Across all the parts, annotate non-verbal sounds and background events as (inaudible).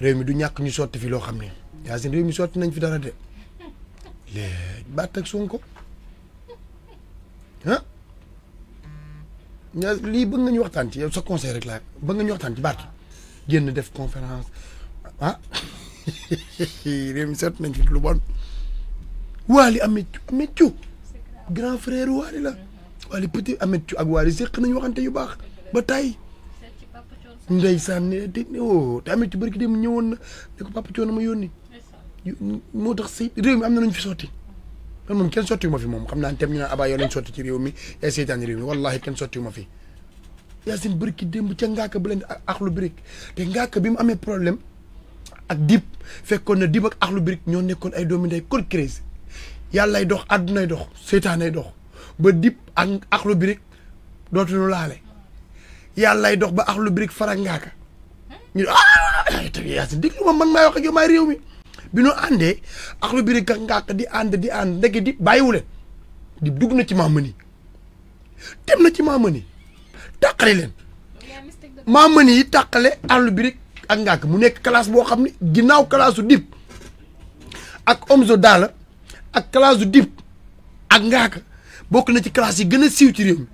réew mi du ñàkk ñu sotti fi loo xam ne yaa seen réew mi sotti nañ fi dara de léegi baat ak Sonko ah lii bëgg nga ñu waxtaan ci yow sa conseil rek laa ba nga ñu waxtaan ci baat génn def conférence ah (laughs) réew mi sotti nañ fi lu bon Waly Ameth Ameth Thiou grand frère Waly la Waly petit Ameth Thiou ak Waly séq nañu waxante yu baax ba tey ndeysaan te oh te amee ci barki dem ñëwoon na ne ko coono ma yónni. moo tax si réew mi am na lu ñu fi sotti. man moom kenn sotti wu ma fi moom xam naa itam ñu naan abaa réew mi yaay seetaan réew mi wallahi kenn sotti ma fi. yaa seen barki démb ca ngaaka ba leen axlu birik te ngaaka bi mu amee problème ak dib fekkoon na dib ak axlu birik ñoo nekkoon ay doomi ndey code yàlla yàllay dox àddunay dox seytaanay dox ba dib ak axlu birik dootuñu laale. yàlla yàllay dox ba ax lu birig farak ngaaka ñu ne ah te yaasin déglu ma man maa wax ak yow maay réew mi bi ñu àndee ax lu birig ngaaka di ànd di ànd ndeke di bàyyiwuleen di dugg na ci maamani dem na ci maamani tàqale leen maamani yi tàqale ax lu birig ak ngaaka mu nekk classe boo xam ne ginnaaw classe su dib ak omzo daala ak classe dib ak ngaaka bokk na ci classe yi gën a siiw ci réew mi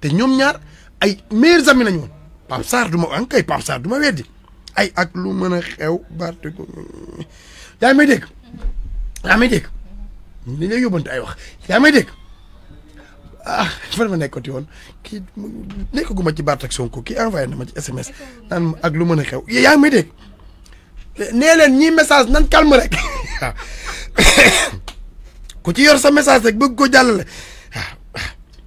te ñoom ñaar ay meilleurs amis lañu woon Pape Sarr ma ankay Pape Sarr du ma weddi ay ak lu mën a xew barte ko yaa may dégg yaa may dégg li lay ay wax yaa may dégg ah fan ma nekkati woon kii nekkaguma ci Bart ak Sonko kii envoyé na ma ci SMS naan ak lu mën a xew yaa may dégg nee leen ñii message nan calme rek (coughs) ku ci yor sa message rek bëgg ko jàllale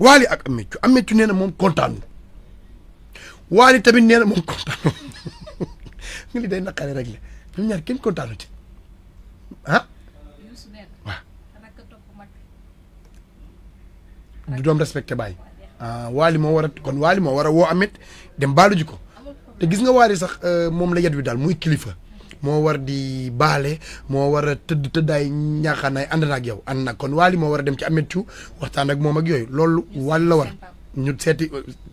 Waly ak Ameth Ameth Thiou moom kontaanul Waly tamit nee na moom kontaanul li (laughs) day naqare rek la ñoom ñaar kenn kontaanu ci ah. du doom respecté bàyyi. ah Waly moo war kon Waly moo war a woo Ameth dem baalu ji ko te gis nga Waly sax euh, moom la yet wi daal muy kilifa. moo war di baale moo war a tëdd tëddaay ñaaxaanaay ànd na ak yow ànd na kon Wally moo war a dem ci Ameth Thiou waxtaan ak moom ak yooyu loolu Wally la war ñu seeti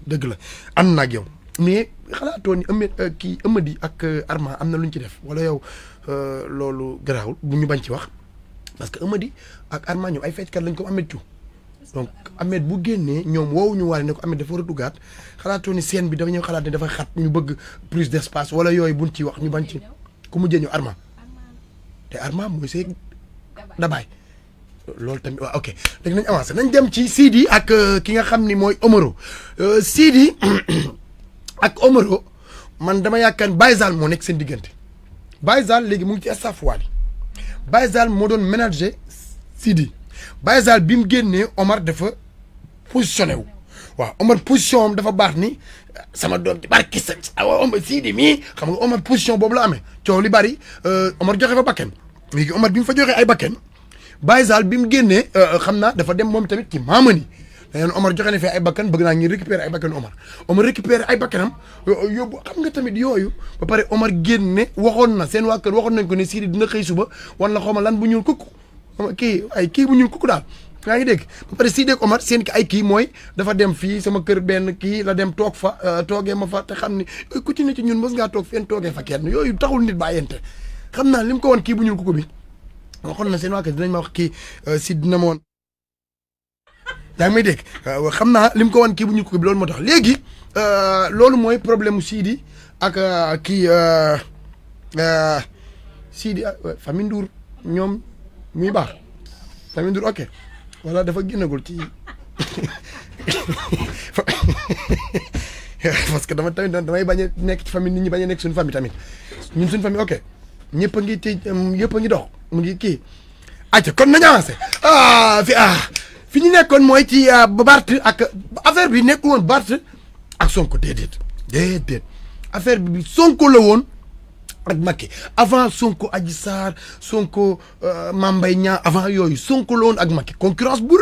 dëgg la ànd na yow mais xalaatoo ni ëmmet euh, kii ëmmadi ak euh, Arma am na lu ñu ci def wala yow euh, loolu garaawul bu ñu bañ ci wax parce que ëmmadi ak Arma ñoom ay fecckat lañ ko Ameth Thiou donc Ameth bu génnee ñoom woowuñu Wally ne ko Ameth dafa war a duggaat xalaatoo ni bi dafa ñëw xalaat ne dafa xat ñu bëgg plus d'espace wala yooyu buñ ci wax ñu bañ ci. ku mujjee ñu Arma te Arma mooy seeg dabaay loolu tamit ok léegi nañ avancé nañ dem ci Sidi ak euh, ki nga xam ni mooy Omaro euh, Sidi (coughs) ak Omaro man dama yaakaar Baye moo nekk seen diggante Baye léegi mu ngi ci staff Wally Baye moo doon ménager Sidi Baye bi mu génnee Omar dafa positionné wu. waaw Omar position am dafa baax ni sama doom di barki sa waaw Omar sii di mii xam nga Omar position bobu la amee coow li bari euh, Omar joxe fa bakken léegi Omar bi fa joxe ay bakken Baye Sall bi mu génnee euh, euh, dafa dem mom tamit ci mamani dañu Omar joxe na fi ay bakkan bëgg na ñu récupérer ay bakkan Omar Omar récupérer ay bakkanam yobu xam nga tamit yoyu ba pare Omar génne waxon na seen wa kër waxon nañ ko ni Sidi dina xey suba wala xoma lan bu ñuul kuku ki ay ki bu ñuul kuku daal yaa ngi dégg ba pare si dégg Omar seen ki ay kii mooy dafa dem fii sama kër benn kii la dem toog fa euh, toogee ma fa te xam ni euh, ku ci ne ci ñun mës ngaa toog fenn toogee fa kenn yooyu taxul nit bàyyente xam naa li mu ko woon kii bu ñuul ko ko bi waxoon na seen waa kër wax kii euh, si dina ma woon yaa ngi xam naa lim ko woon kii bu ñuul ko ko bi loolu moo tax léegi loolu mooy problème mu Sidi ak kii Sidi famille Ndour ñoom muy baax famille Ndour ok wala dafa génnagul ci (laughs) parce que dama tamit damay bañ a nekk ci famille nit ñi nekk suñu famille tamit ñun suñu famille ok ñëpp a ngi ci yëpp a ngi dox mu ngi kii. acca kon nañu avancé ah fi ah fi ñu nekkoon mooy ci ah, Barth ak affaire bi nekkul woon Barth ak Sonko déedéet déedéet bi Sonko la woon. ak Macky avant Sonko Adji Sarr Sonko euh, Mame Mbaye Niang avant yooyu Sonko loon ak Macky concurrence bu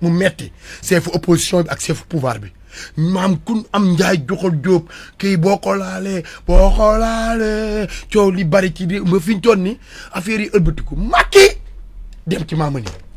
mu metti seefu opposition bi ak seefu pouvoir bi maam kun am njaay joxal jóob kii boo ko laalee boo ko laalee coow li bari ci di ba fi ñu ni affaire yi ëlbatiku Macky dem ci maama